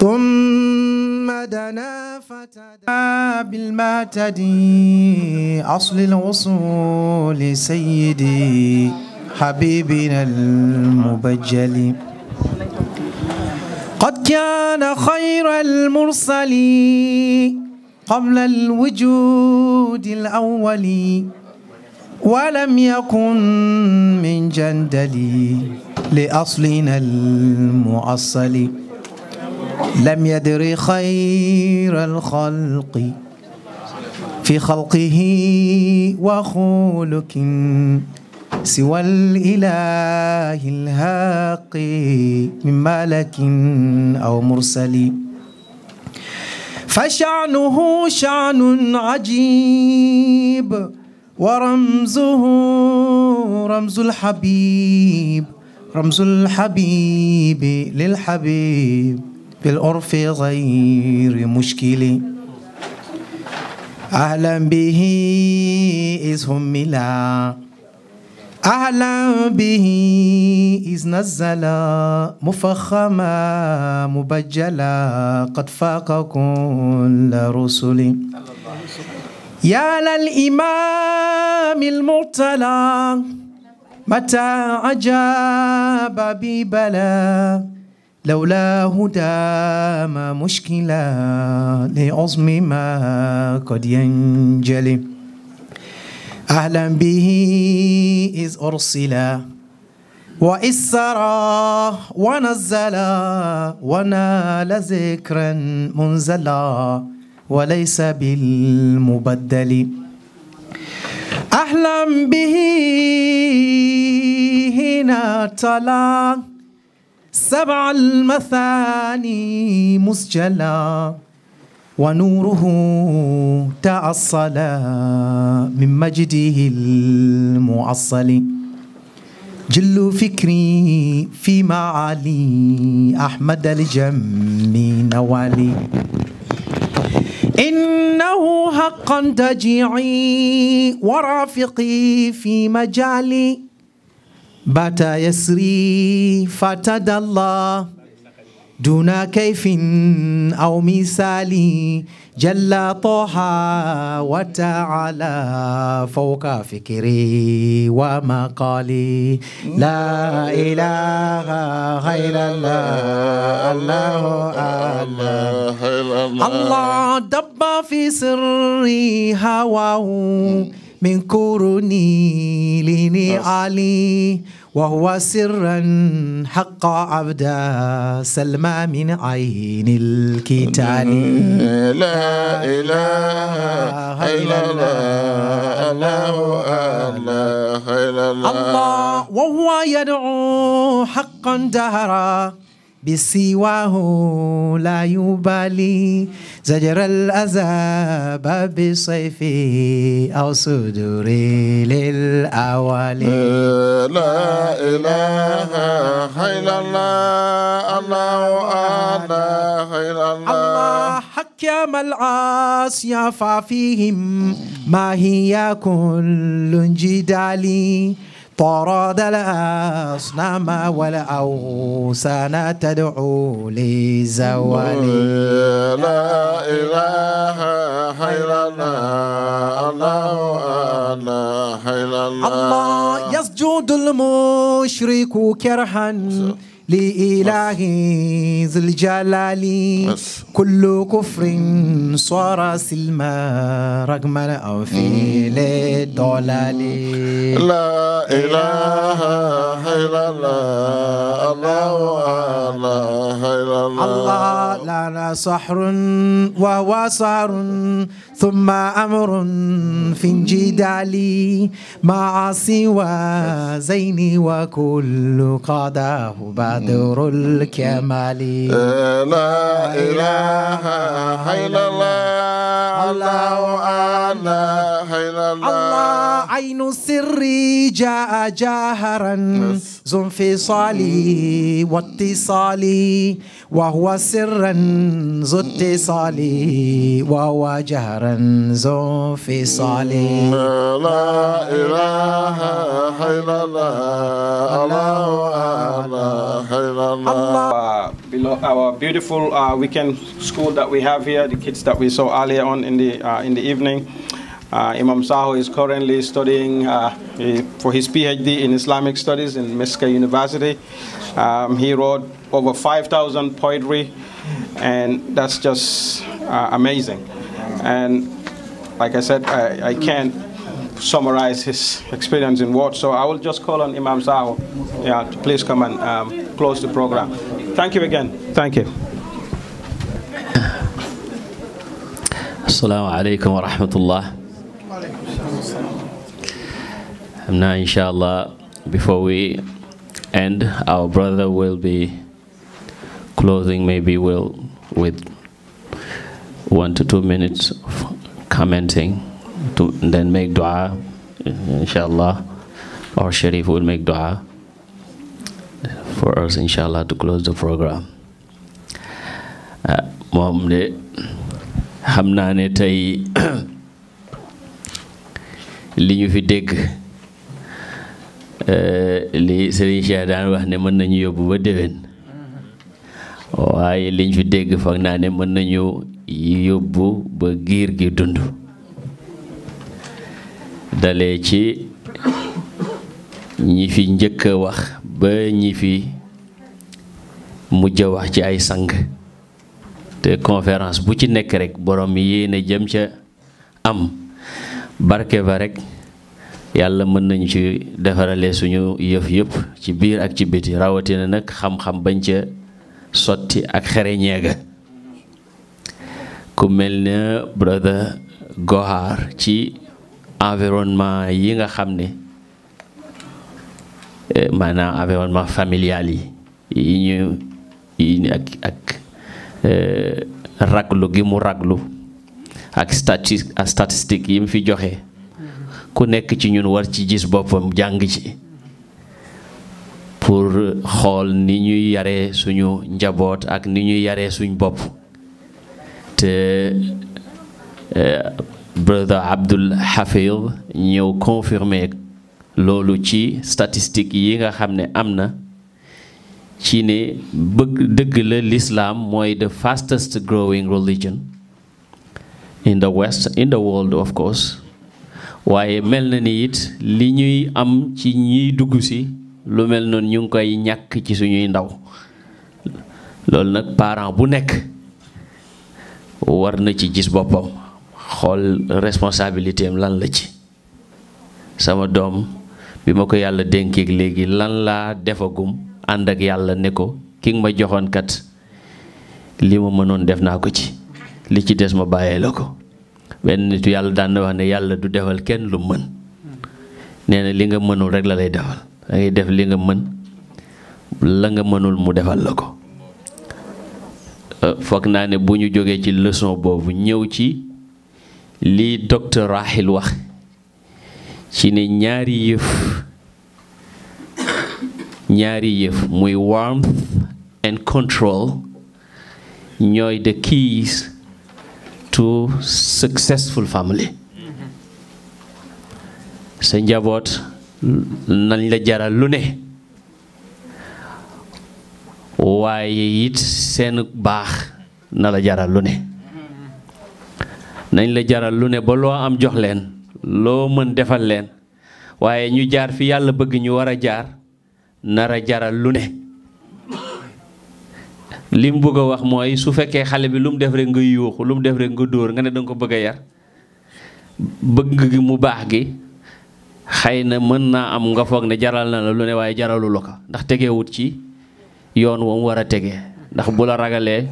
ثم دنا فتدى بالمعتدي أصل الوصول سيدي حبيبنا المبجل قد كان خير المرسلين قبل الوجود الأول ولم يكن من جندلي لأصلنا المؤصل لم يدر خير الخلق في خلقه وخلق سوى الإله الهاق من ملك أو مرسل فشعنه شعن عجيب ورمزه رمز الحبيب رمز الحبيب للحبيب بالعرف غير مشكل أهلا به إذ هملا أهلا به إذ نزل مفخما مبجلا قد فاق كل رسل يا للإمام المعتلى متى عجاب ببلا لولا هدام مشكلا لعظم ما قد ينجلي أهلا به إذ أرسلا وإسرا ونزلا ونال ذكرا منزلا وليس بالمبدل أهلا به هنا تلا سبع المثاني مسجلا ونوره تأصلا من مجده المؤصل جل فكري في معالي أحمد الجم نوالي إنه حقا تجيعي ورافقي في مجالي بات يسري فتدى الله دون كيف أو مثال جل طه وتعالى فوق فكري ومقالي لا إله غير الله الله الله الله دب في سري هواه من كرني لنعالي وهو سرا حق عبدا سلمى من عين الكتان لا إله إلا الله الله إلا الله وهو يدعو حقا دهرا بسواه لا يبالي زجر الأذى بصيفي أو صدري للأوالي لا إله إلا الله الله أعلى إلا الله حكم العاصي ففيهم ما هي كل جدالي طراد الأصنام والأوثان تدعو لزوال لا إله إلا الله الله الله يسجد المشرك كرها لإله ذي الجلال كل كفر صار سلما رغم أو في الضلال لا إله إلا الله الله إلا الله لنا سحر وهو صار ثم أمر في الجدال مع سوى زين وكل قضاه بعد بدر الكمال لا إله إلا الله الله أعلى إلا الله عين السر جاء جاهرا ذو انفصالي واتصالي وهو سرا ذو اتصال وهو جهرا ذو انفصال لا إله إلا الله الله إلا الله Below our beautiful uh, weekend school that we have here, the kids that we saw earlier on in the uh, in the evening. Uh, Imam Saho is currently studying uh, for his PhD in Islamic Studies in Miska University. Um, he wrote over 5,000 poetry, and that's just uh, amazing. And like I said, I, I can't summarize his experience in words. So I will just call on Imam Saho yeah, to please come and um, close the program. Thank you again. Thank you. Assalamu alaikum wa rahmatullah. Now, inshallah, before we end, our brother will be closing. Maybe will with one to two minutes of commenting, to, then make dua, inshallah. Or Sharif will make dua for us, inshallah, to close the program. Uh, moom de xam naa ne tey li ñu fi dégg. Euh, li Serigne Cheikh daan wax ne mën nañu yóbbu ba déwén waaye liñ fi dégg foog naa ne mën nañu yóbbu ba giir gi dund dalee ci ñi fi njëkk a wax ba ñi fi mujj wax ci ay sang te conférence bu ci nekk rek borom yéene jëm ca am barke ba rek yàlla mën nañu ci defarale suñu yëf yëpp ci biir ak ci biti rawatina nag xam-xam bañ ca sotti ak xereñee ga ku mel ne brother Gohar ci environnement yi nga xam ne eh, maanaam environnement familial yi yi ñu yi ak ak eh, raglu gi mu raglu ak stati yi mu fi joxe ku nekk ci ñun war ci gis boppam jàng ci pour xool ni ñuy yare suñu njaboot ak ni ñuy yaree suñu bopp te eh, brother Abdul Hafiz ñëw confirmer loolu ci statistique yi nga xam ne am na ci ne dëgg la l'islam mooy the fastest growing religion in the world of course waaye mel na ni it li ñuy am ci ñiy dugg si lu mel noonu ñu ngi koy ñàkk ci suñuy ndaw loolu nag parent bu nekk war na ci gis boppam xool responsabilité lan la ci sama doom bi ma ko yàlla dénkeeg léegi lan laa defagum ànd ak yàlla ne ko ki nga ma joxoon kat li ma mënoon def naa ko ci li ci des ma bàyyee la ko benn nitu yàlla daan na wax ne yàlla du defal kenn lu mën nee na li nga mënul rek la lay defal da ngay def li nga mën la nga mënul mu defal la ko euh, foog naa ne bu ñu jógee ci leçon boobu ñëw ci li docteur Rahil wax ci ne ñaari yëf ñaari yëf muy warmth and control ñooy the keys to successful family sa njaboot nañ la jaral lu ne waaye it seen baax na la jaral lu ne nañ la jaral lu ne ba loo am jox leen loo mën defal leen waaye ñu jaar fi yàlla bëgg ñu war a jaar nara jaral lu ne li mu bëgg a wax mooy su fekkee xale bi lu mu def rek nga yuuxu lu mu def rek nga dóor nga ne danga ko bëgg yar bëgg mu baax gi xëy na mën naa am nga foog ne jaral na la lu ne waaye jaralu la ko ndax tegewut ci yoon woom war a tege ndax bu la ragalee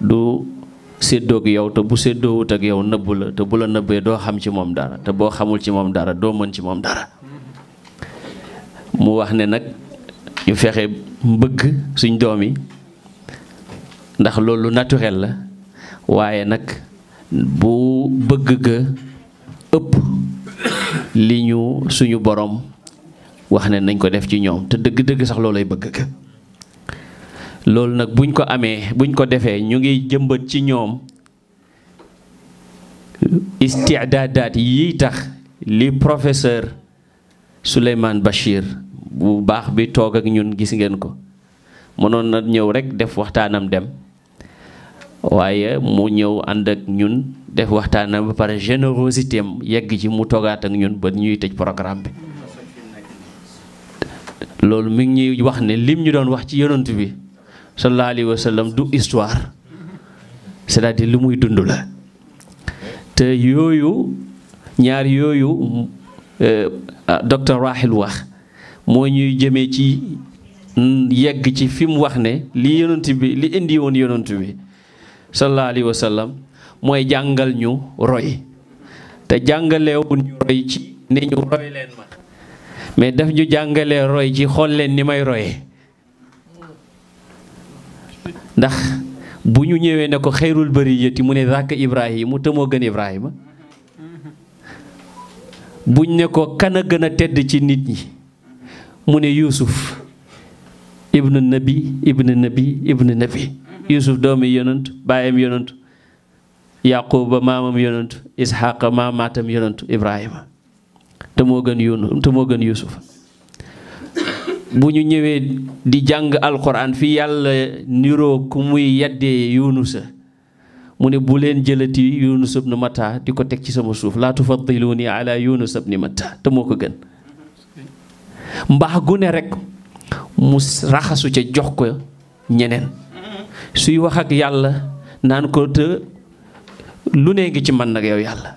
du séddoog yow te bu séddoowut ak yow nëbb la te bu la nëbbee doo xam ci moom dara te boo xamul ci moom dara doo mën ci moom dara mu wax ne nag ñu fexe mbëgg suñ doom yi ndax loolu naturel la waaye nag bu bëgg ga ëpp li ñu suñu boroom wax ne nañ ko def ci ñoom te dëgg-dëgg sax loolu loolay bëgg ga loolu nag buñ ko amee buñ ko defee ñu ngi jëmbët ci ñoom istidaadaat yi tax li professeur Souleymane Bachir bu baax bi toog ak ñun gis ngeen ko mënoon na ñëw rekk def waxtaanam dem waaye mu ñëw ànd ak ñun def waxtaanam ba pare générosité am yegg ci mu toogaat ak ñun ba ñuy tëj programme bi loolu mu ngi ñuy wax ne lim ñu doon wax ci yonent bi sallallahu alayhi wa du histoire cest à lu muy dund la te yooyu ñaar yooyu euh, ah, docteur Rahil wax moo ñuy jëmee ci yegg ci fi mu wax ne li yonent bi li indi woon yonent bi sallallahu alayhi mooy jàngal ñu roy te jàngalewul ñu roy ci ni ñu roy leen ma mais daf ñu jàngalee roy ci xool leen ni may royee ndax bu ñu ñëwee ne ko xayrul bariyati mu ne zaka ibrahimu te moo gën ibrahima buñ ne ko kan a gën a tedd ci nit ñi mu ne yuusuf ibnu nabi ibnu nabi ibnu nabi yusuf doomi yonant baayam yonant yaquba maamam yonant isxaqa maamaatam yonant ibrahima te moo gën yun gën yusuf bu ñu ñëwee di jàng alquran fii yàlla niroo ku muy yaddee yunusa mu ne bu leen jëlati yunus ibnu matta di ko teg ci sama suuf laa tufaddiluuni ala yunus ibnu matta te moo ko gën mbaax gu ne rek mu raxasu ca jox ko ñeneen suy wax ak yàlla naan ko te lu nee ngi ci man nag yow yàlla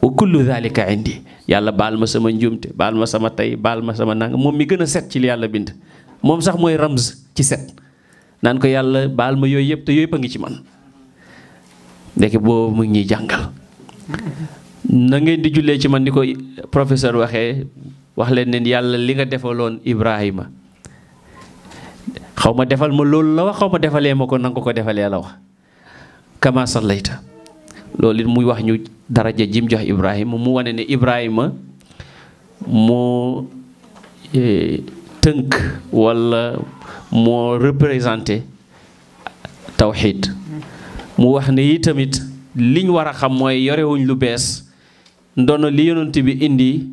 wa indi yàlla baal ma sama njuumte baal ma sama tey baal ma sama nang moom mi gën a set ci li yàlla bind moom sax mooy ramz ci set naan ko yàlla baal ma yooyu yëpp te yooyu yëpp a ngi ci man ndeke boobu mu ngi ñuy jàngal na ngeen di jullee ci man ni ko professeur waxee wax leen ne yàlla li nga defaloon Ibrahima xaw ma defal ma loolu la wax xaw defalee ma ko nanga ko ko defalee la wax kama sallayta loolu it muy wax ñu daraja jim jox Ibrahima mu wane ne Ibrahima moo e, tënk walla moo représenté tawxiid mu wax ne yi tamit liñ war a xam mooy yorewuñ lu bees ndono li yonent bi indi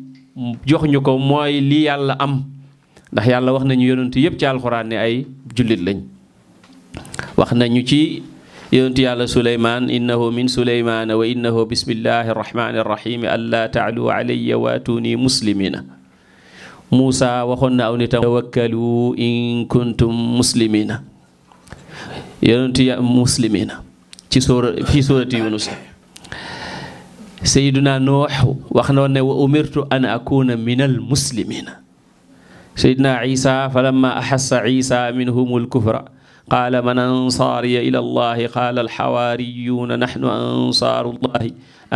jox ñu ko mooy lii yàlla am ndax yàlla wax nañu yonent yépp ci alxuraan ne ay jullit lañ wax nañu ci yonentu yàlla suleymaan innahu min suleymaana wa innahu bismillahi arrahmani arrahimi an laa taalu alayya waatuni muslimina tawakkalu in kuntum muslimina yonentu ya fi sóorati yunus sayyiduna nuux wax na woon ne wa umirtu an akuna min al seydina isa fa lamma axassa isa minhum alkufra qaala man ansaariya ila allahi qaala alxawaariyuuna naxnu ansaaru llahi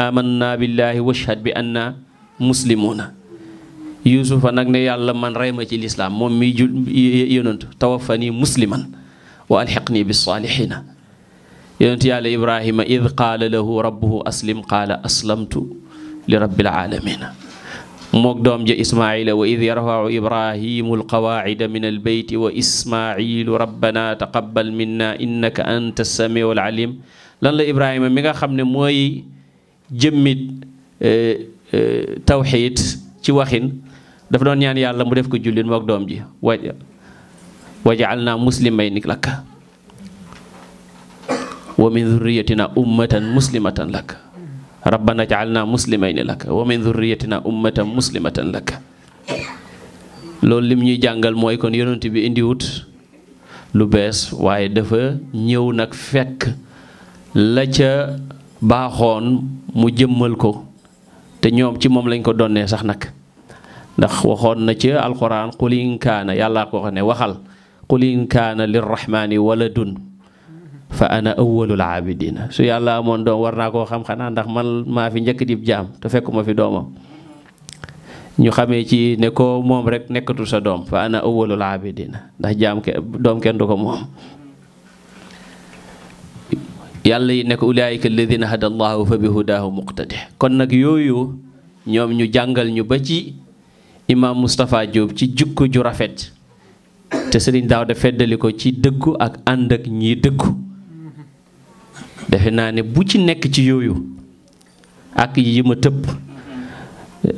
amanna billahi washhad bi anna muslimuuna yuusufa nag ne yàlla man rey ma ci lislaam moom mi ju yonantu tawaffani musliman wa alxiqni bisaalixiina yonent yàlla ibrahima id qaala lahu rabbuhu aslim qaala aslamtu li rabbil aalamiina mook doom ja ismaila wa id yarfau ibrahimu alqawaacida min albeyti wa ismailu rabbana taqabal minna innaka anta samiu alalim lan la ibrahima mi nga xam ne mooy jëmmit eh, eh, tawxiid ci waxin daf doon ñaan yàlla mu def ko jullit mook doom ji wa wajaalna muslimay nik lakka wa min dhurriyatina rabbana jaalna muslimayni laka wa min dhurriyatina ummatan muslimatan laka loolu lim ñuy jàngal mooy kon yonent bi indiwut lu bees waaye dafa ñëw nag fekk la ca baaxoon mu jëmmal ko te ñoom ci moom lañ ko donnee sax nag ndax waxoon na ca alquran qul in kaana yàllaa ko wax ne waxal qul in kaana lirrahmani waladun fa ana awwalul abidina su yàlla amoon doom war naa koo xam xanaa ndax man maa fi njëkk di jaam te fekkuma fi doomam ñu xamee ci ne ko moom rek nekkatul sa doom fa ana awwalul abidina ndax jaam ke doom kenn du ko moom yàlla yi ne ko ulaayika alladina hada fa bi hudaahu muqtade kon nag yooyu ñoom ñu jàngal ñu ba ci imaam Moustapha Diop ci jukko ju rafet te sëriñ daaw da feddali ko ci dëggu ak ànd ak ñi dëggu defe naa ne bu ci nekk ci yooyu ak yi ma tëpp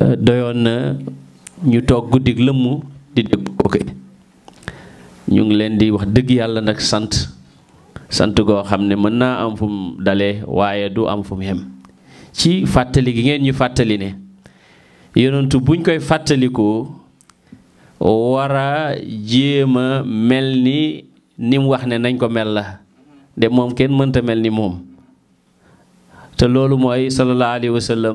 euh, doyoon na ñu toog guddig lëmm di dégg ok ñu ngi leen di wax dëgg yàlla nag sant sant goo xam ne mën naa am fu dale waaye du am fu yem ci fàttali gi ngeen ñu fàttali ne yonentu buñ koy fàttalikoo war a jéem a mel ni ni wax ne nañ ko mel la de moom kenn mënta mel ni moom te loolu mooy sallallahu alayhi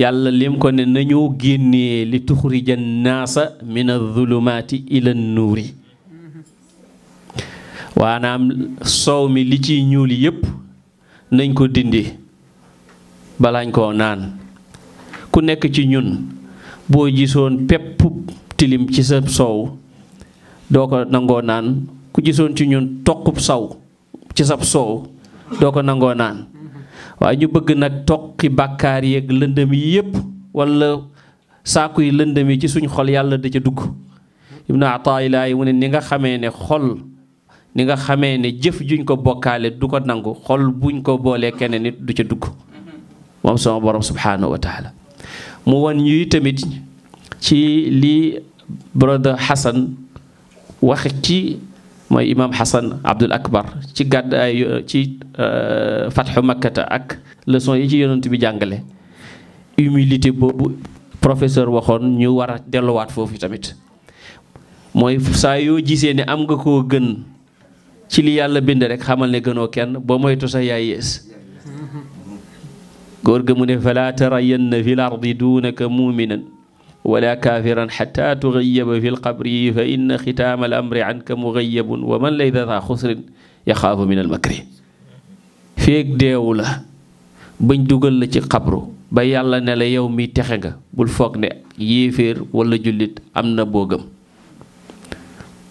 yàlla lim ko ne nañu génnee li tuxrija naasa min adulumaati ila nuuri waanaam soow mi li ciy ñuul yépp nañ ko dindi balaañ koo naan ku nekk ci ñun boo jisoon pepp tilim ci sa soow doo ko nangoo naan ku gisoon ci ñun toqub saw ci sab soow doo ko nangoo naan waa ñu bëgg nag toqi bàkkaar yeeg lëndëm yi yépp wala saaku yi lëndëm yi ci suñ xol yàlla da ca dugg ibnu ataayilaayi mu ne ni nga xamee ne xol ni nga xamee ne jëf juñ ko bokkaale du ko nangu xol buñ ko boolee keneen it du ca dugg moom sama borom subhaanahu mu wan ñuy tamit ci li brother Hassan wax ci mooy imaam Xasan Abdul Akbar ci gàddaay ci euh, fatxu makkata ak leçon yi ci yonent bi jàngale humilité boobu professeur waxoon ñu war a delluwaat foofu tamit mooy saa yoo gisee ne am nga koo gën ci li yàlla bind rek xamal ne gënoo kenn boo moytu sax yaay yées góor ga mu ne fala tarayanna fi l ardi duunaka muminan wala kaafiran xataa tugayyaba fi lqabri fa inna xitaama al amri anka mugayyabun wa man laysa da xusrin yaxaafu min al makri feeg deewu la bañ dugal la ci xabru ba yàlla ne la yow mi texe nga bul foog ne yéeféer wala jullit am na boogam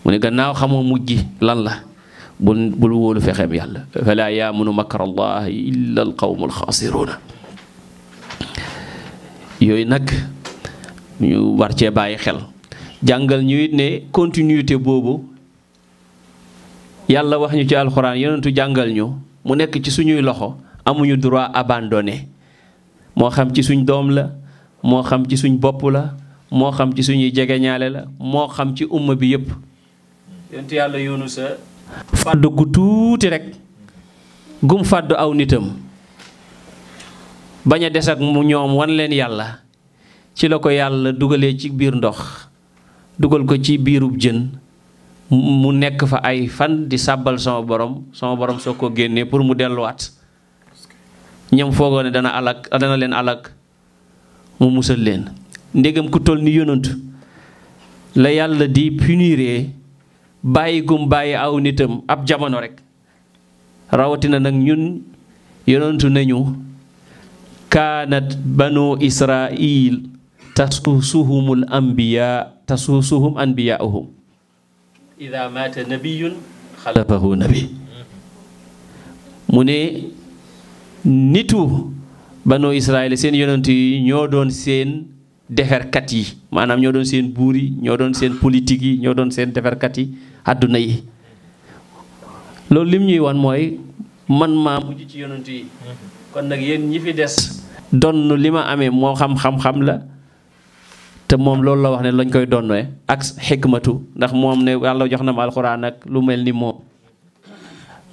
mu ne gannaaw xamoo mujj lan la bul bul wóolu fexeem yàlla falaa yaamunu makra allahi illa al qawmu alxaasiruuna yooyu nag ñu war cee bàyyi xel jàngal ñu it ne continuité boobu yàlla wax ñu ci alxuraan yonentu jàngal ñu mu nekk ci suñuy loxo amuñu droit abandone moo xam ci suñ doom la moo xam ci suñ bopp la moo xam ci suñuy jegeñaale la moo xam ci umma bi yépp yonentu yàlla yoonu sa fàddu gu tuuti rek gum fàddu aw nitam bañ a des ak mu ñoom wan leen yàlla ci la ko yàlla dugalee ci biir ndox dugal ko ci biirub jën mu nekk fa ay fan di sàbbal sama borom sama borom soo ko génnee pour mu delluwaat ñam foogoo ne dana alak dana leen alak mu musal leen ndegam ku toll ni yonant la yàlla di puniree bàyyi gum bàyyi aw nitam ab jamono rek rawatina nag ñun yonantu nañu kaanat banu israil tasuusuhumul anbiyaa tasuusuhum anbiyaauhum ida maata nabiyun xalafahu nabi mu ne nitu banu Israayil seen yonent yi ñoo doon seen deferkat yi maanaam ñoo doon seen buur yi ñoo doon seen politique yi ñoo doon seen deferkat yi àdduna yi loolu lim ñuy wan mooy man maa mujj ci yonent yi hmm. kon nag yéen ñi fi des donn li ma amee moo xam xam-xam la te moom loolu la wax ne lañ koy doon donnee ak xikmatu ndax moom ne yàlla jox na ma alxuraan ak lu mel ni moom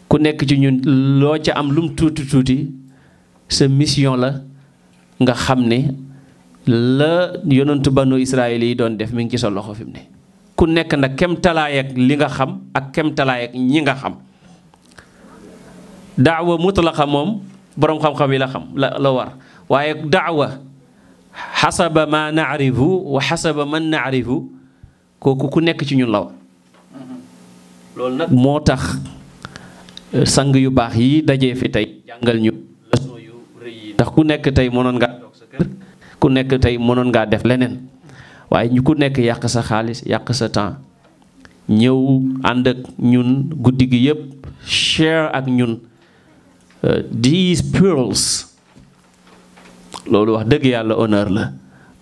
ku nekk ci ñun loo ca am lum tuuti tuuti sa mission la nga xam ne la yonantu nu Israël yi doon def mi ngi ci sa loxo fi mu ne ku nekk nag kem talaay li nga xam ak kem talaay ñi nga xam daawa mutlaqa moom boroom xam-xam yi la xam la war waaye daawa xasaba ma naarifu wa xasaba man naarifu kooku ku nekk ci ñun la loolu nag moo tax euh, sang yu baax yi dajee fi tey jàngal ñu leçon ndax ku nekk tey mënoon ngaa nekk tey mënoon ngaa def leneen waaye ñu ku nekk yàq sa xaalis yàq sa temps ñëw ànd ak ñun guddi gi yépp share ak ñun euh, these pearls loolu wax dëgg yàlla honneur la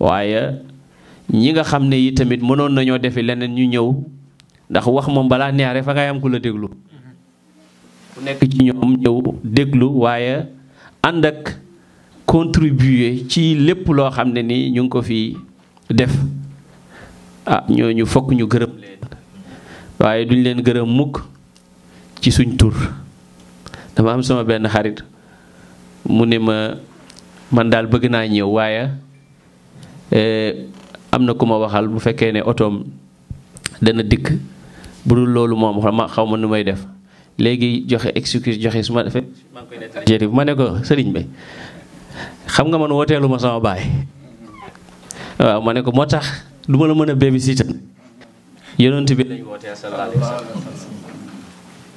waaye ñi nga xam ne yi tamit mënoon nañoo defi leneen ñu ñëw ndax wax moom balaa neexee fa ngay am ku la déglu ku nekk ci ñoom ñëw déglu waaye ànd ak contribuer ci lépp loo xam ne ni ñu ngi ko fi def ah ñooñu fokk ñu gërëm leen waaye duñ leen gërëm mukk ci suñ tur dama am sama benn xarit mu ne ma man daal bëgg naa ñëw waaye eh, am na ku ma waxal bu fekkee ne otom dana dikk bu dul loolu moom xam xaw ma nu may def léegi joxe excuse joxe su ma defee ma ne ko sëriñ bi xam nga man wooteelu ma sama baay waaw ma ne ko moo tax du ma la mën a bébi si tan yonent bi lañ wootee sallallahu alayhi wa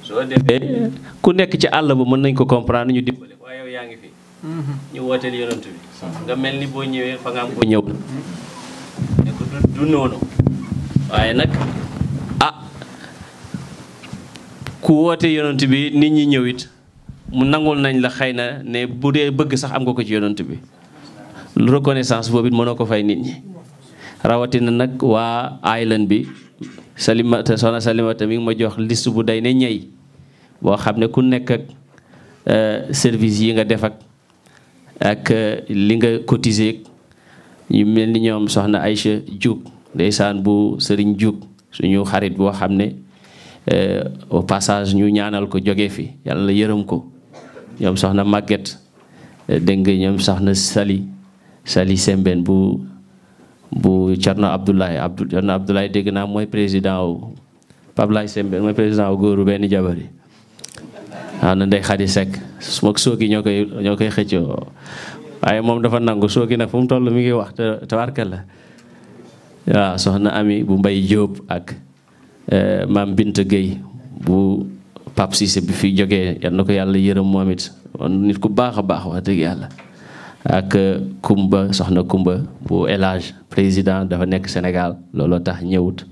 sallam soo defee ku nekk ci àll ba mën nañ ko comprendre ñu dimbale ñu wooteel yonent bi nga mel ni boo ñëwee fa nga am ko ñëwul ne waaye nag a ah, ku woote yonent bi nit ñi ñëw it mu nangul nañ la xëy na ne bu dee bëgg sax am nga ko ci yonent bi lu reconnaissance boobu it mënoo ko fay nit ñi rawatina nag waa island bi salimata soxna salimata mi ma jox liste bu day ne ñey boo xam ne ku nekk ak euh, service yi nga def ak euh, li nga cotiser ñu mel ni ñoom soxna Aïcha Diouf ndeysaan bu Serigne Diouf suñu xarit boo xam ne euh, au passage ñu ñaanal ko jóge fi yàlla yërëm ko ñoom soxna Maguette euh, dégg nga ñoom soxna Sali Sali Sembène bu bu Thierno Abdoulaye Abdou Thierno Abdoulaye dégg naa mooy président wu Pape Laye Sembène mooy président wu góoru benn jabar yi waaw ah, na Ndeye Khady Seck moog sooki ñoo koy ñoo koy xëccoo waaye moom dafa nangu sooki nag fu mu toll mi ngi wax te tabarka la waaw soxna ami bu Mbay Jóob ak eh, maam bint Gueye bu Pape Cissé bi fi jógee yal na ko yàlla yërëm moom it nit ku baax a baax wax dëgg yàlla ak eh, Kumba soxna Kumba bu élage président dafa nekk Sénégal looloo tax ñëwut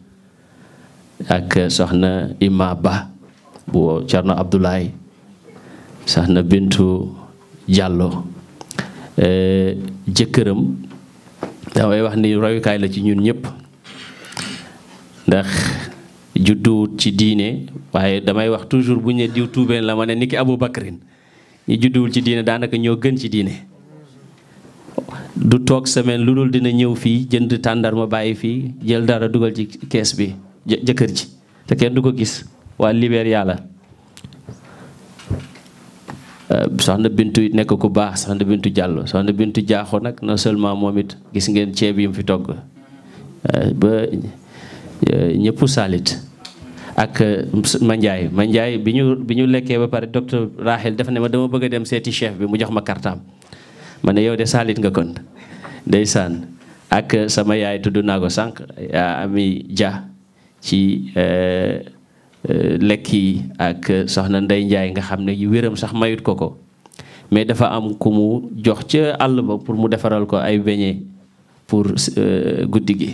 ak eh, soxna Ima Ba bu Thierno Abdoulaye sax na Bintu Diallo eh, jëkkëram damay wax ni royukaay la ci ñun ñëpp ndax judduwut ci diine waaye damay wax toujours bu ñu ne diw tuubeen la ma ne niki Abu Bakrin ñi judduwul ci diine daanaka ñoo gën ci diine du toog semaine lu dul dina ñëw fii jënd tàndarma bàyyi fii jël dara dugal ci kees bi jëkkër ji te kenn du ko gis waa Libéria yàlla Euh, soxna Bintu nekk ku baax soxna Bintu Diallo soxna Bintu Diakho nag non seulement moom it gis ngeen ceeb yi mu fi togg euh, ba euh, ñëpp saalit ak Mandiaye Mandiaye bi ñu bi ñu lekkee ba pare docteur Rahel dafa ne ma dama bëgg a dem seeti chef bi mu jox ma kartaam ma ne yow de saalit nga kon ndeysaan ak sama yaay tudd naa ko sànq ami Dia ci. Euh, lekk yi ak euh, soxna Ndey Njaay nga xam ne yu wéram sax mayut ko ko mais dafa am ku mu jox ca àll ba pour mu defaral ko ay beñe pour euh, guddi gi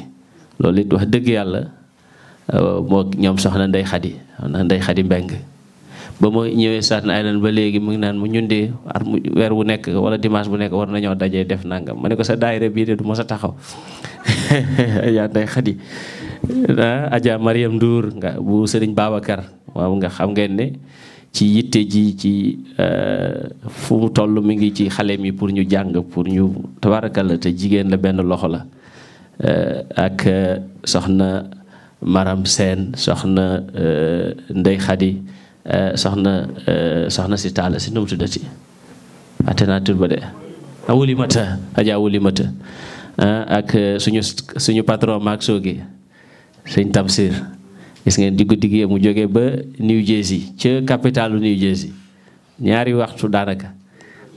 loolu it wax dëgg yàlla moo ñoom soxna Ndey Xadi soxna Ndey Xadi Mbeng ba ma ñëwee Staten Island ba léegi mu ngi naan mu ñun de at mu weer wu nekk wala dimanche bu nekk war nañoo dajee def nangam ma ne ko sa daayira bii de du ma a taxaw yaa Ndey Xadi Adja Mariam Ndour nga bu Serigne Babacar waaw nga xam ngeen ne ci yitte ji ci euh, fu mu toll mi ngi ci xale mi pour ñu jàng pour ñu tabarakalla te jigéen la benn loxo la euh, ak euh, soxna Maram Seen soxna Ndey Xadi soxna soxna si taala si nu mu tuddati ate naa tur ba ak suñu suñu patron maak soogi sëñ Tamsir gis ngeen diggu diggee mu jógee ba New Jersey ca capitalu New Jersey ñaari waxtu daanaka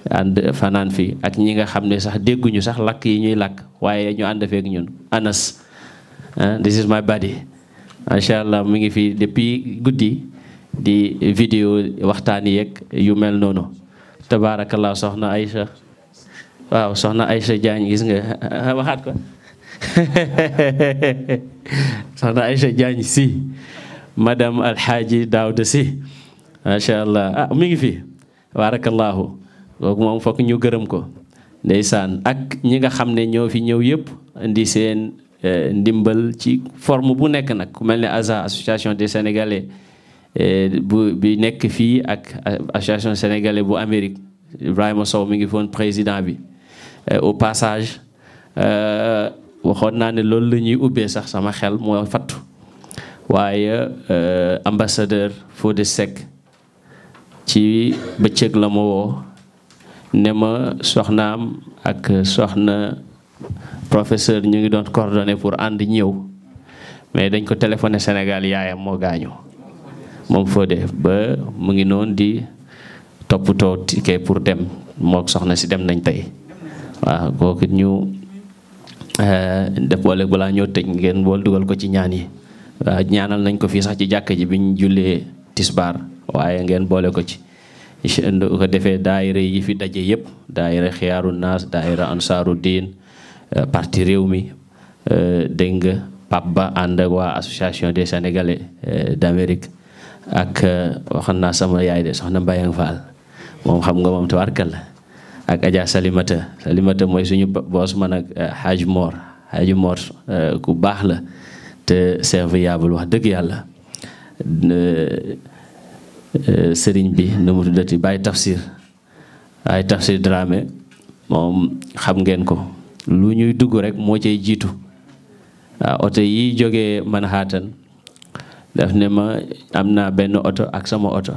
ànd fanaan fii ak ñi nga xam ne sax dégguñu sax lakk yi ñuy lakk waaye ñu ànd feek ñun Anas ah, this is my buddy macha allah mu ngi fi depuis guddi di vidéo waxtaan yeeg yu mel noonu tabaarakallah soxna Aïcha waaw soxna ay Aïcha Diagne gis nga waxaat ko soxna Aïcha Diagne si madame Alxaaji Daawda si macha allah ah mi ngi fi baarakallaahu kooku moom fokk ñu gërëm ko ndeysaan ak ñi nga xam ne ñoo fi ñëw yëpp ndi seen eh, ndimbal ci forme bu nekk nag ku mel ni ASA association des sénégalais eh, bu bi nekk fii ak association sénégalais bu Amérique Ibrahima Sow mi ngi foon président bi eh, au passage euh, waxoon naa ne loolu la ñuy ubbee sax sama xel moo fattu waaye euh, ambassadeur Fodé Seck ci bëccëg la ma woo ne ma soxnaam ak soxna professeur ñu ngi doon coordonné pour ànd ñëw mais dañ ko téléphoné senegal yaayam moo gaañu moom Fodé ba mu ngi noonu di toppatoo ticket pour dem mook soxna si dem nañ tey waaw kooku ñu Eh, def boole balaa ñoo te ngeen bool dugal ko ci ñaan yi ñaanal nañ ko fii sax ci jàkk ji biñ jullee tisbaar waaye ngeen boole ko ci ko defee daayira yi fi daje yëpp daayira xiyaaru naas daayira ansaaru diin eh, parti réew mi eh, dégg nga Pape Ba ànd waa association des sénégalais d'Amérique ak waxan naa sama yaay de soxna Mbayang Fall moom xam nga moom tabarkal la ak Adja Salimata Salimata mooy suñu boos man ak euh, Hadj Mor Hadj Mor euh, ku baax la te serviable wax dëgg yàlla euh, sëriñ bi nu mu tuddati Baye Tafsir Baye moom xam ngeen ko lu ñuy dugg rek moo cay jiitu waaw oto yi jógee Manhattan daf ne ma am naa benn oto ak sama oto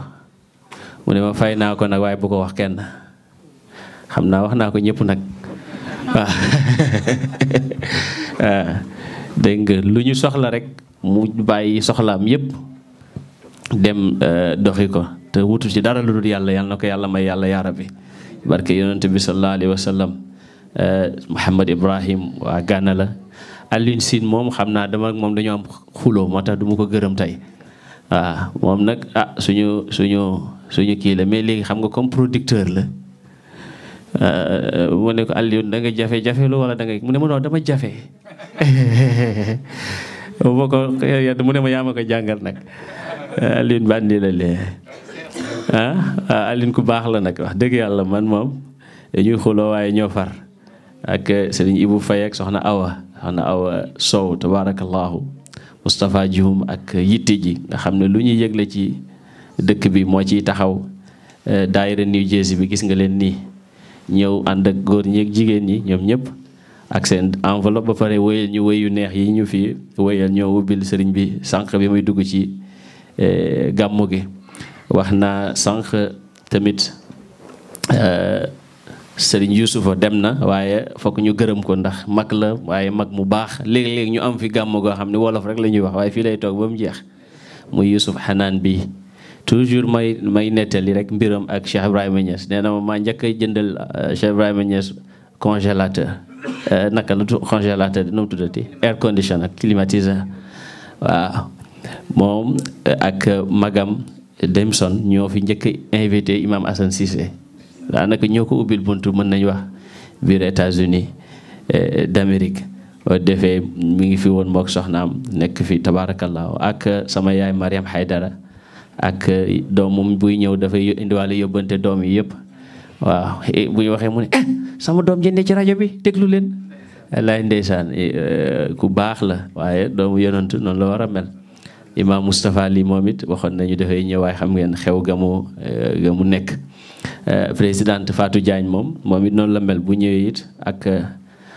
mu ne ma fay naa ko nag waaye bu wax kenn. xam naa wax naa ko ñëpp nag waaw ah. ah. nga lu ñu soxla rek mu bàyyi soxlaam yëpp dem euh, doxi ko te wutu ci dara lu dul yàlla yàlla na ko yàlla may yàlla yaara bi barke yonente bi sallallahu alayhi wa sallam euh, Mouhamed Ibrahim waa Gànna la Alioune moom xam naa dama ak moom dañoo am xuloo moo tax du ma ko gërëm tey waaw ah, moom nag ah suñu suñu suñu kii la mais léegi xam nga comme producteur la Euh, mu ne ko Alioune da jafe-jafe lu wala da nga mu ne ma jafe boo mu ne ma yaa ko jàngal nag euh, Alioune bandi la ah, ah Alioune ku baax la nag wax dëgg yàlla man moom dañuy xuloo waaye ñoo far ak sëriñ Ibou Faye ak soxna Awa soxna Awa Sow tabaarakallaahu ak yitte ji nga xam ne lu ñuy yëgle ci dëkk bi moo ci taxaw euh, daayira New Jersey bi gis nga leen nii ñëw ànd ak góor ñi jigéen ñi ñoom ñëpp ak seen enveloppe ba pare wéyal ñu wéyu neex yi ñu fi wéyal ñoo ubbil sëriñ bi sànq bi muy dugg ci eh, gàmmu gi wax naa sànq tamit eh, sëriñ Yuusufa dem na waaye fokk ñu gërëm ko ndax mag la waaye mag mu baax léegi léeg ñu am fi gàmm goo xam ne wolof rek la ñuy wax waaye fii lay toog ba mu jeex muy Yuusuf xanaan bi toujours may may nettali rek mbiram ak Cheikh Ibrahima Niass nee na ma maa njëkk a jëndal euh, Cheikh Ibrahima Niass congélateur euh, naka la congélateur nu mu tuddati air conditioner climatiseur waaw moom euh, ak magam Demson ñoo fi njëkk invité imam Assane Cissé daanaka ñoo ko ubbil buntu mën nañ wax biir États-Unis d'Amérique defee mi ngi fi woon mook soxnaam nekk fi tabaarakallaahu ak sama yaay Mariam Haydara ak eh, doom moom buy ñëw dafay indiwaale yóbbante doom yi yëpp waaw eh, bu ñu waxee mu ne eh, sama doom jëndee ci rajo bi déglu leen. laay ndeysaan ku baax la waaye doomu yonantu noonu la war a mel imaam Moustapha lii moom it waxoon na ñu dafay ñëw waaye xam ngeen xew ga mu nekk. présidente faatu Diagne moom moom it noonu la mel bu ñëwee it ak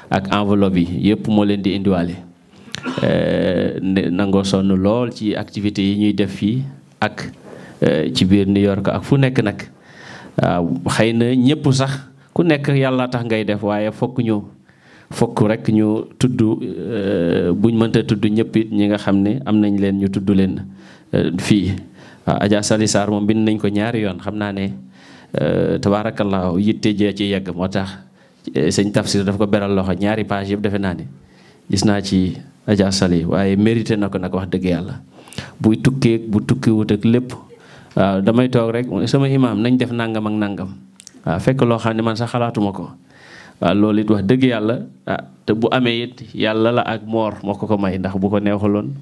ak enveloppe yi yëpp moo leen di indiwaale nangoo sonn lool ci activités yi ñuy def fii. ak euh, ci biir New York ak fu nekk nag waaw na ñëpp sax ku nekk yàlla tax ngay def waaye fokk ñu fokk rek ñu tudd euh, buñ mënta tudd ñëpp it ñi nga xam ne am nañ leen ñu tudd leen euh, fii waaw Adja Sali Sarr moom bind nañ ko ñaari yoon xam naa ne tabaarakallaahu yitte jee ci yegg moo tax sëñ Tafsir daf ko beral loxo ñaari page yëpp defe naa ne gis naa ci Adja Sali waaye mérité na ko nag wax dëgg yàlla buy tukkeeg bu tukki ak lépp waaw damay toog rek sama imaam nañ def nangam ak nangam waaw fekk loo xam ne man sax xalaatuma ko waaw loolu it wax dëgg yàlla ah, te bu amee it yàlla la ak moor moo ko ko may ndax bu ko neexuloon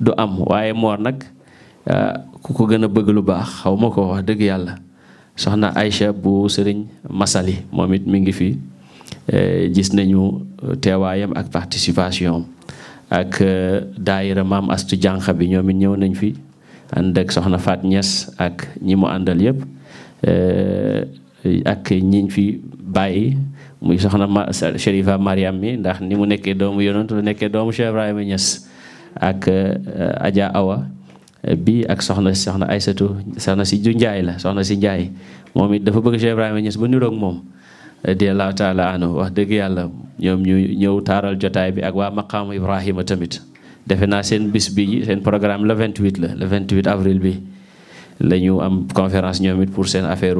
du am waaye moor nag ah, ku ko gën a bëgg lu baax xaw ma ko wax dëgg yàlla soxna Aïcha bu sëriñ Masali moom it mi ngi fi eh, gis nañu teewaayam ak participation ak euh, daayira maam astu jànq bi ñoomi it ñëw nañ fi ànd ak soxna Faat Ñas ak ñi mu àndal yëpp euh, ak ñiñ fi bàyyi muy soxna ma Chérifa Mariam mi ndax ni mu nekkee doomu yonantu lu nekkee doomu Cheikh Ibrahima Ñas ak euh, Adja Awa bi ak soxna soxna Aysatu soxna si ju Njaay la soxna si Njaay moom it dafa bëgg Cheikh Ibrahima Ñas ba niroog moom radiallahu taala wax dëgg yàlla ñoom ñu ñëw taaral jotaay bi ak waa maqaamu Ibrahima tamit defe naa seen bis bi seen programme le 28 la vingt 28 avril bi lañu am conférence ñoom it pour seen affaire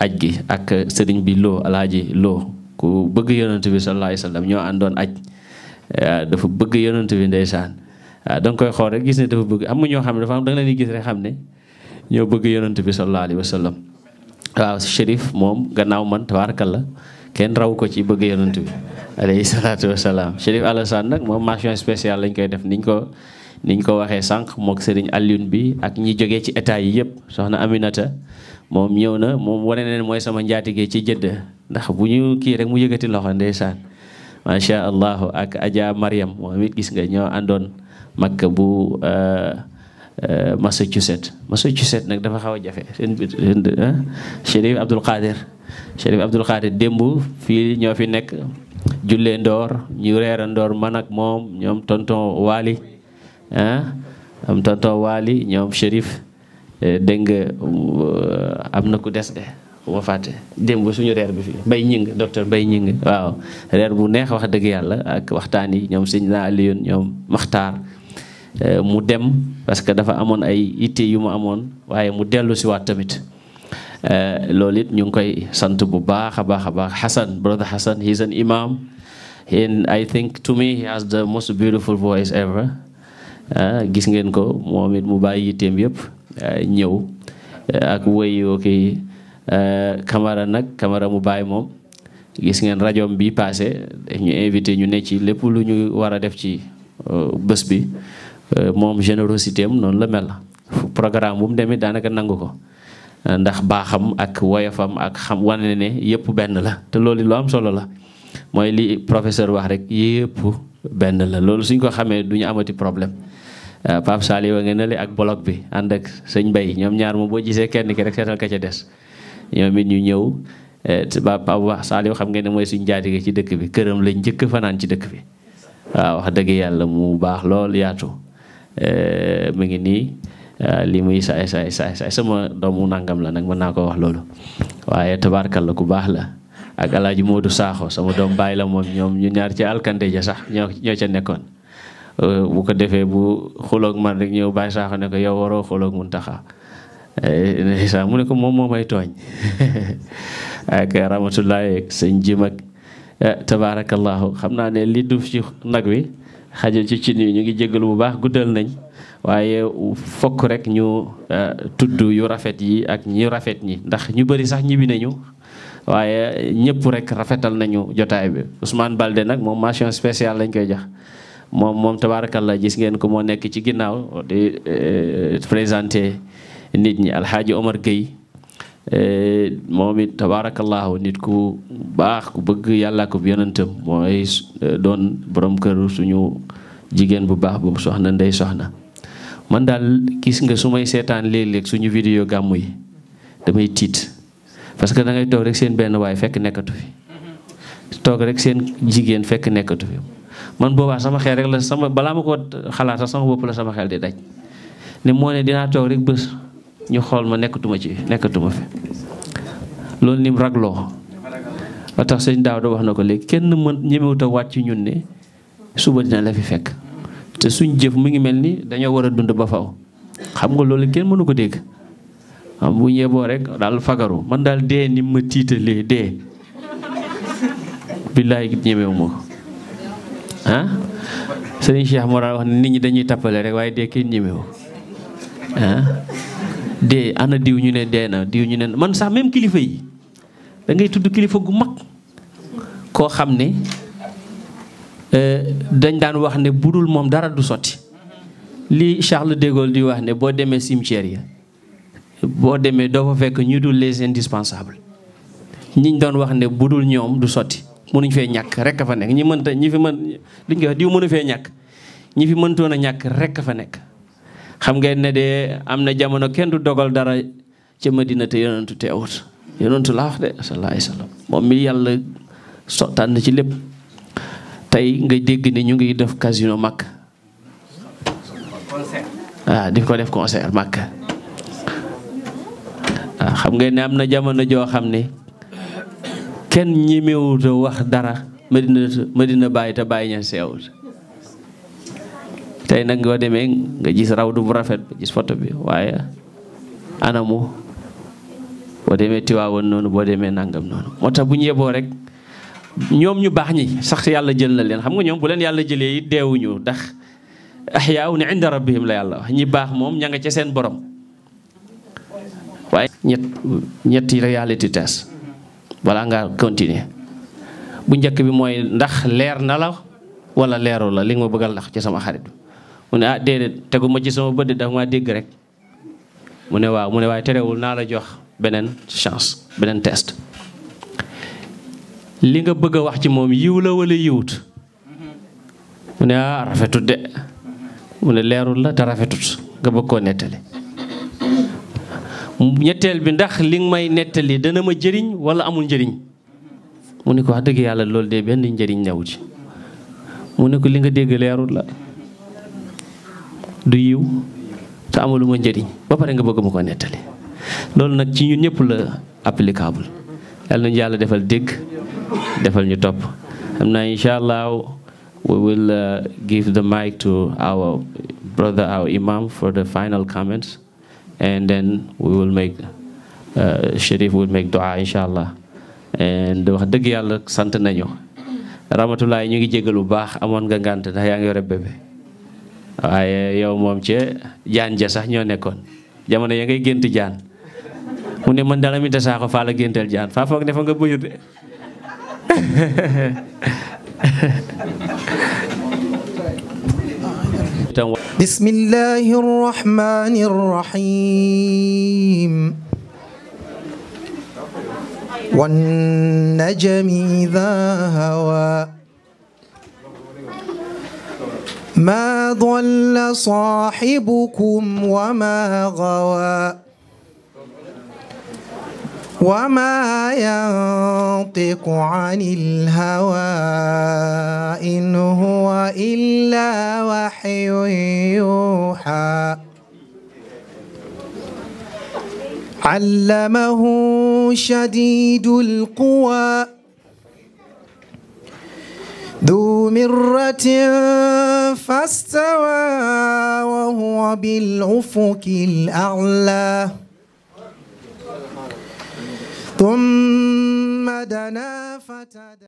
aj gi ak sëriñ bi loo alaaji loo ku bëgg yonent bi sallallahu alayhi ñoo àndoon aj dafa bëgg yonent bi ndeysaan waaw da nga koy xool rek gis ne dafa bëgg am ñoo xam ne dafa am da nga leen di gis rek xam ne ñoo bëgg yonent bi sallallahu alayhi wa sallam waaw Chérif moom gannaaw man tabaarakallah kenn raw ko ci bëgg yonent bi alayhi salaatu wasalaam Chérif Alassane nag moom mention spéciale lañ koy def niñ ko niñ ko waxee sànq mook Serigne Alioune bi ak ñi joge ci état yi yëpp soxna Aminata moom ñëw na moom wane neen mooy sama njaatige ci jëdd ndax bu ñu kii rek mu yëgati loxo ndeysaan macha allah ak Adja Mariam moom it gis nga ñoo àndoon makk bu euh, Euh, Massachusetts Massachusetts nag dafa xaw a jafe seen biir seen Chérif Abdoul Khadir Chérif Abdoul Khadir démb fii ñoo fi nekk jullee ndoor ñu reera ndoor man moom ñoom tonton Waly ah am tonton Waly ñoom Chérif eh, dégg nga euh, am na ku des de ma fàtte démb suñu reer bi fi Mbaye Ñing docteur Mbaye Ñing waaw reer bu neex wax dëgg yàlla ak waxtaan yi ñoom sëñ naa Alioune ñoom Maxtaar Euh, mu dem parce que dafa amoon ay itte yu mu amoon waaye mu dellu si waat tamit euh, loolu it ñu ngi koy sant bu baax a baax a baax Hassan brother Hassan he is an imam and I think to me he has the most beautiful voice ever ah, gis ngeen ko moomit mu bàyyi yitteem yëpp ah, ñëw ah, ak woy yoo kii nag kamara mu bàyyi moom gis ngeen rajoom bi passé ñu invité ñu ne ci lépp lu ñu war a def ci euh, bës bi Euh, moom générosité am noonu la mel programme bu mu demee daanaka nangu ko euh, ndax baaxam ak woyofam ak xam wane ne yëpp benn la te loolu lu am solo la mooy li professeur wax rek yëpp benn la loolu suñ ko xamee du amati problème. Euh, Pape Sali wa ngeen ne ak bolok bi ànd ak sëñ Bay ñoom ñaar moom boo jisee kenn ki rek seetal ka ca des ñoom it ñu ñëw ba Pape Sali xam ngeen ne mooy suñ jaatige ci dëkk bi këram lañ njëkk fanaan ci dëkk bi waaw wax dëgg yàlla mu baax lool yaatu. Eh, mu ngi nii eh, lii muy saay saay saay saay sama doomu nangam la nag mën naa ko wax loolu waaye tabaarkal la ku baax la ak alaaji Modou saaxo sama doom bàyyi la moom ñoom ñu ñaar ci alkande ja sax ñoo ñoo ca nekkoon eh, bu ko defee bu xuloog man rek ñëw bàyyi Sakho ne yow waroo xuloog mun taxa sax mu ne moom moo may tooñ ak rahmatullahi ak sëñ jim ak tabaarakallahu xam naa ne li duuf ci nag wi xajal ci cin yi ñu ngi jégalu bu baax guddal nañ waaye fokk rek ñu eh, tudd yu rafet yi ak ñi rafet ñi ndax ñu bëri sax ñibbi nañu waaye ñëpp rek rafetal nañu jotaay bi Ousmane Balde nag moom mention spéciale lañ koy jax moom moom la gis ngeen ko moo nekk ci ginnaaw di eh, présenté nit ñi Alxaaji Omar Gueye Eh, moom it tabaarakallaahu nit ku baax ku bëgg yàlla ko yonentam mooy eh, doon borom kër suñu jigéen bu baax bu soxna ndey soxna man daal gis nga su may seetaan léeg-léeg suñu vidéo gàmmu yi damay tiit parce que da ngay toog rek seen benn waay fekk nekkatu fi toog rek seen jigéen fekk nekkatu fi man boobaa sama xel rek la sama balaa ma ko xalaat sax sama bopp la sama xel di daj ne moo ne dinaa toog rek bés ñu xool ma nekkatuma ci nekkatuma fi loolu nim ragloo ba tax sëñ daaw da wax na ko léegi kenn mën ñemewut a wàcc ñun ne suba dina la fi fekk te suñ jëf mu ngi mel ni dañoo war a dund ba faw xam nga loolu kenn mënu ko dégg am bu ñeeboo rek daal fagaru man daal dee ni ma tiitalee dee billaay ñemewu ma ko ah sëriñ Cheikh moo daan wax nit ñi dañuy tappale rek waaye dee kenn ñemewu ah dee ana diw ñu ne dee na diw ñu ne man sax même kilifa yi da ngay tudd kilifa gu mag koo xam ne euh, dañ daan wax ne budul moom dara du sotti li Charles de di wax ne boo demee cimetière ya boo demee doo fa fekk ñu dul les indispensables ñiñ doon wax ne budul ñoom du sotti mënuñ fee ñàkk rek a fa nekk ñi mënta ñi fi mën liñ koy wax diw mënu fee ñàkk ñi fi mëntoon a ñàkk rek a fa nekk xam ngeen ne de am na jamono kenn du dogal dara ca Madina te yonentu teewut yonentu laa wax de moom mi yàlla sottaan ci lépp tey nga dégg ne ñu ngi def casino Makka waaw ah, di ko def concert Makka waaw ah, xam ngeen ne am na jamono joo xam ne kenn ñemewuta wax dara Madina Madina bàyyi te bàyyi Ñas seewut tey nag nga demee nga gis rawdu bu rafet ba gis photo bi waaye anamu boo demee Tiwaawoon noonu boo demee nangam noonu moo tax bu ñu yeboo rek ñoom ñu baax ñi sax yàlla jël na leen xam nga ñoom bu leen yàlla jëlee yi deewuñu ndax ahyaawun inda rabbihim la yàlla wax ñi baax moom ña nga ca seen borom waaye ñett ñetti reality test balaa ngaa continuer bu njëkk bi mooy ndax leer na la wala leeru la li nga ma bëggal ndax ci sama xarit mu ne ah déedéet tegu ma ci sama bët dafa maa dégg rek mu ne waaw mu ne waaye terewul naa la jox beneen chance beneen test li nga bëgg a wax ci moom yiw la wala yiwut mu ne ah rafetut de mu ne leerul la te rafetut nga bëgg koo nettali ñetteel bi ndax li nga may nettali dana ma jëriñ wala amul njëriñ mu ne ko wax dëgg yàlla loolu de benn njëriñ newu ci mu ne ko li nga dégg leerul la du yiw te amaluma njëriñ ba pare nga bëgg ma ko nettali loolu nag ci ñun ñëpp la applicable yal nañu yàlla defal dégg defal ñu topp xam naa incha allah we will uh, give the mic to our brother our imam for the final comments and then we will make uh, Cherif make dua incha allah and wax dëgg yàlla sant nañu rahmatulah ñu ngi jégalu bu baax amoon nga ngant ndax yaa ngi yore bébé waaye yow moom ci jaan ja sax ñoo nekkoon jamono ya ngay gént jaan mu ne man dara mi tasaaxo faa la géntal jaan faa foog ne fa nga bëyut de bismillahi rahmani rahim wan najmi idha hawa ما ضل صاحبكم وما غوى وما ينطق عن الهوى إن هو إلا وحي يوحى علمه شديد القوى ذو مرة فاستوى وهو بالأفق الأعلى ثم دنا فتدلى